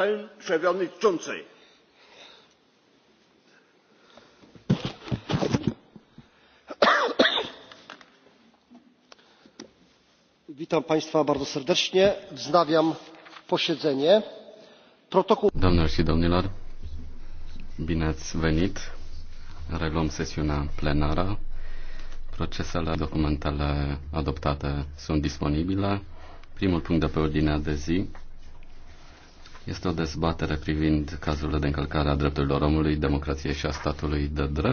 pan przewodniczący! witam państwa bardzo serdecznie. wznawiam posiedzenie. protokół. doamnelor și domnilor bine ați venit. reluăm sesiunea plenară. procesele documentele adoptate sunt disponibile. primul punct de pe ordinea de zi este o dezbatere privind cazurile de încălcare a drepturilor omului, democrației și a statului de drept.